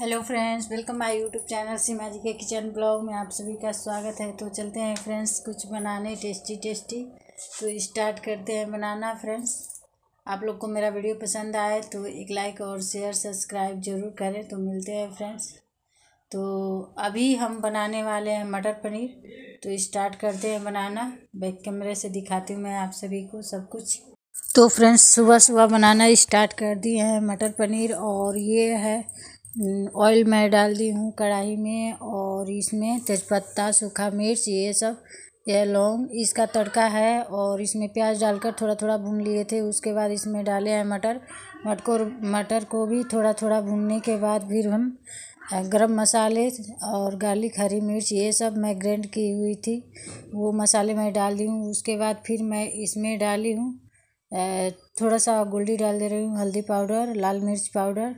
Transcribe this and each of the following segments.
hello friends welcome my YouTube channel Seema ji के kitchen blog में आप सभी का स्वागत है तो चलते हैं फ्रेंड्स कुछ बनाने टेस्टी टेस्टी तो स्टार्ट करते हैं बनाना फ्रेंड्स आप लोग को मेरा वीडियो पसंद आए तो एक लाइक और शेयर सब्सक्राइब जरूर करें तो मिलते हैं फ्रेंड्स तो अभी हम बनाने वाले हैं मटर पनीर तो स्टार्ट करते हैं बनाना बैक कैमरे से दिखाती हूँ मैं आप सभी को सब कुछ तो फ्रेंड्स सुबह सुबह बनाना स्टार्ट कर दिए हैं मटर पनीर और ये है ऑयल हम्म, मैं डाल दी हूँ कढ़ाई में और इसमें तेजपत्ता सूखा मिर्च ये सब ये लौंग इसका तड़का है और इसमें प्याज डालकर थोड़ा थोड़ा भून लिए थे उसके बाद इसमें डाले हैं मटर मटर को मटर को भी थोड़ा थोड़ा भूनने के बाद फिर हम गरम मसाले और गार्लिक हरी मिर्च ये सब मैं ग्रेंड की हुई थी वो मसाले मैं डाल दी हूँ उसके बाद फिर मैं इसमें डाली हूँ थोड़ा सा गोल्डी डाल दे रही हूँ हल्दी पाउडर लाल मिर्च पाउडर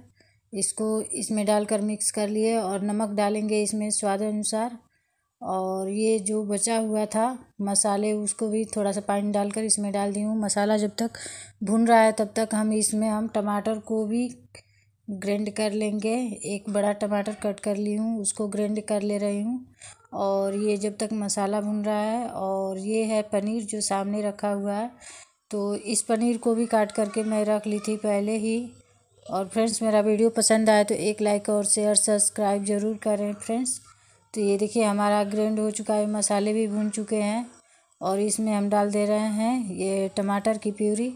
इसको इसमें डालकर मिक्स कर लिए और नमक डालेंगे इसमें स्वाद अनुसार और ये जो बचा हुआ था मसाले उसको भी थोड़ा सा पानी डालकर इसमें डाल दी हूँ मसाला जब तक भुन रहा है तब तक हम इसमें हम टमाटर को भी ग्रेंड कर लेंगे एक बड़ा टमाटर कट कर ली हूँ उसको ग्रेंड कर ले रही हूँ और ये जब तक मसाला भुन रहा है और ये है पनीर जो सामने रखा हुआ है तो इस पनीर को भी काट करके मैं रख ली थी पहले ही और फ्रेंड्स मेरा वीडियो पसंद आए तो एक लाइक और शेयर सब्सक्राइब ज़रूर करें फ्रेंड्स तो ये देखिए हमारा ग्रेंड हो चुका है मसाले भी भून चुके हैं और इसमें हम डाल दे रहे हैं ये टमाटर की प्यूरी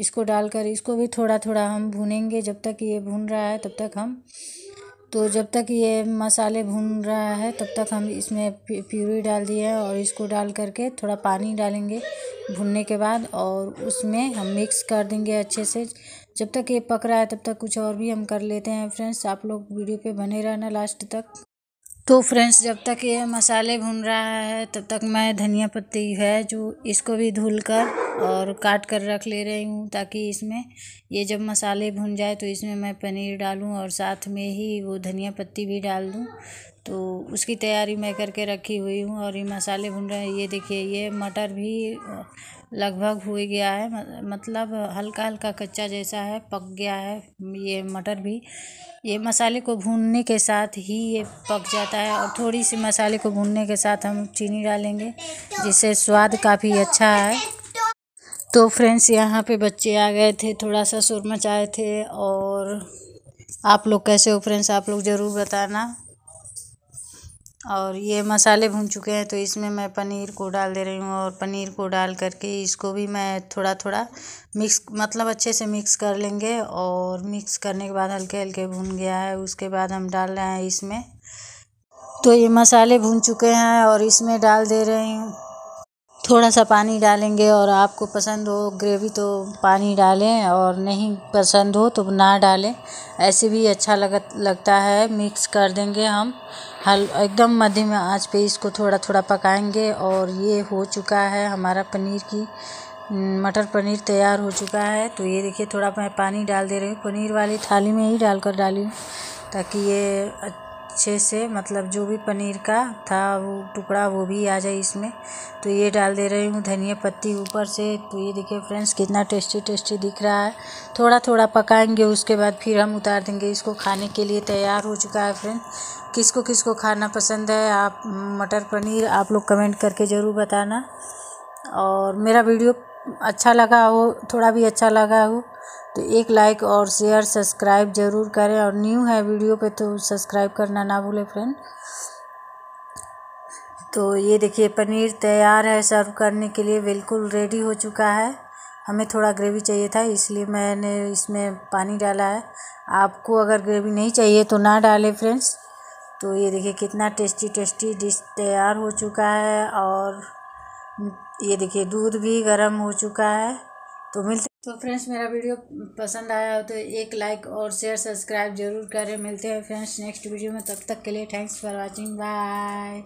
इसको डालकर इसको भी थोड़ा थोड़ा हम भूनेंगे जब तक ये भून रहा है तब तक हम तो जब तक ये मसाले भून रहा है तब तक हम इसमें प्यूरी डाल दिए हैं और इसको डाल करके थोड़ा पानी डालेंगे भुनने के बाद और उसमें हम मिक्स कर देंगे अच्छे से जब तक ये पक रहा है तब तक कुछ और भी हम कर लेते हैं फ्रेंड्स आप लोग वीडियो पे बने रहना लास्ट तक तो फ्रेंड्स जब तक ये मसाले भून रहा है तब तक मैं धनिया पत्ती है जो इसको भी धुल कर और काट कर रख ले रही हूँ ताकि इसमें ये जब मसाले भुन जाए तो इसमें मैं पनीर डालूँ और साथ में ही वो धनिया पत्ती भी डाल दूँ तो उसकी तैयारी मैं करके रखी हुई हूँ और ये मसाले भून रहे हैं ये देखिए ये मटर भी लगभग हो गया है मतलब हल्का हल्का कच्चा जैसा है पक गया है ये मटर भी ये मसाले को भूनने के साथ ही ये पक जाता है और थोड़ी सी मसाले को भूनने के साथ हम चीनी डालेंगे जिससे स्वाद काफ़ी अच्छा है तो फ्रेंड्स यहाँ पे बच्चे आ गए थे थोड़ा सा सुरमच आए थे और आप लोग कैसे हो फ्रेंड्स आप लोग ज़रूर बताना और ये मसाले भून चुके हैं तो इसमें मैं पनीर को डाल दे रही हूँ और पनीर को डाल करके इसको भी मैं थोड़ा थोड़ा मिक्स मतलब अच्छे से मिक्स कर लेंगे और मिक्स करने के बाद हल्के हल्के भून गया है उसके बाद हम डाल रहे हैं इसमें तो ये मसाले भून चुके हैं और इसमें डाल दे रही हूँ थोड़ा सा पानी डालेंगे और आपको पसंद हो ग्रेवी तो पानी डालें और नहीं पसंद हो तो ना डालें ऐसे भी अच्छा लग लगता है मिक्स कर देंगे हम हल एकदम मध्यम आंच पे इसको थोड़ा थोड़ा पकाएंगे और ये हो चुका है हमारा पनीर की मटर पनीर तैयार हो चुका है तो ये देखिए थोड़ा मैं पानी डाल दे रही हूँ पनीर वाली थाली में ही डाल कर डाली ताकि ये अच्छे से मतलब जो भी पनीर का था वो टुकड़ा वो भी आ जाए इसमें तो ये डाल दे रही हूँ धनिया पत्ती ऊपर से तो ये देखिए फ्रेंड्स कितना टेस्टी टेस्टी दिख रहा है थोड़ा थोड़ा पकाएंगे उसके बाद फिर हम उतार देंगे इसको खाने के लिए तैयार हो चुका है फ्रेंड किसको किसको खाना पसंद है आप मटर पनीर आप लोग कमेंट करके ज़रूर बताना और मेरा वीडियो अच्छा लगा हो थोड़ा भी अच्छा लगा हो तो एक लाइक और शेयर सब्सक्राइब जरूर करें और न्यू है वीडियो पे तो सब्सक्राइब करना ना भूलें फ्रेंड तो ये देखिए पनीर तैयार है सर्व करने के लिए बिल्कुल रेडी हो चुका है हमें थोड़ा ग्रेवी चाहिए था इसलिए मैंने इसमें पानी डाला है आपको अगर ग्रेवी नहीं चाहिए तो ना डालें फ्रेंड्स तो ये देखिए कितना टेस्टी टेस्टी डिश तैयार हो चुका है और ये देखिए दूध भी गर्म हो चुका है तो मिलते तो फ्रेंड्स मेरा वीडियो पसंद आया हो तो एक लाइक और शेयर सब्सक्राइब जरूर करें मिलते हैं फ्रेंड्स नेक्स्ट वीडियो में तब तक के लिए थैंक्स फॉर वॉचिंग बाय